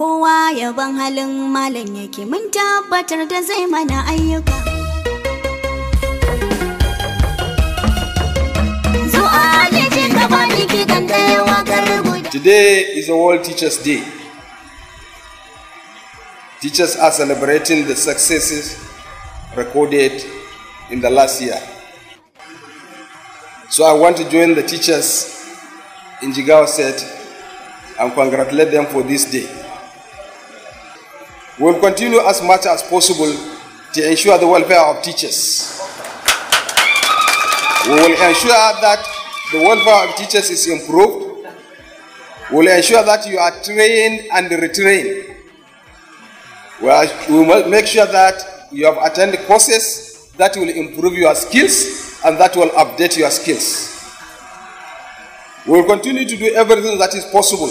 Kowa yaban halin malam yake mun tabbatar da zai mana ayyuka. Today is a World Teachers' Day. Teachers are celebrating the successes recorded in the last year. So I want to join the teachers in Jigawa set and congratulate them for this day. We will continue as much as possible to ensure the welfare of teachers. We will ensure that the welfare of teachers is improved. We will ensure that you are trained and retrained. We, we will make sure that you have attended courses that will improve your skills and that will update your skills. We will continue to do everything that is possible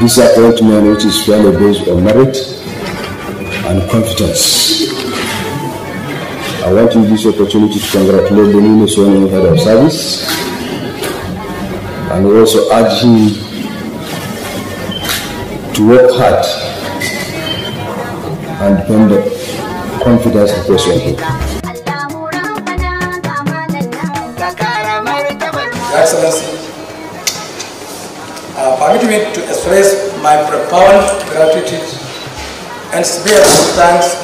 This appointment, which is fairly based on merit and confidence. I want to use this opportunity to congratulate the new Sony Head of Service and also urge him to work hard and build the confidence he the on him. Excellency, Permit me to express my profound gratitude and sincere thanks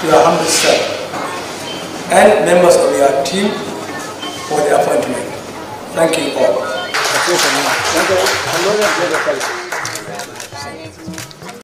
to your humble self and members of your team for the appointment. Thank you all.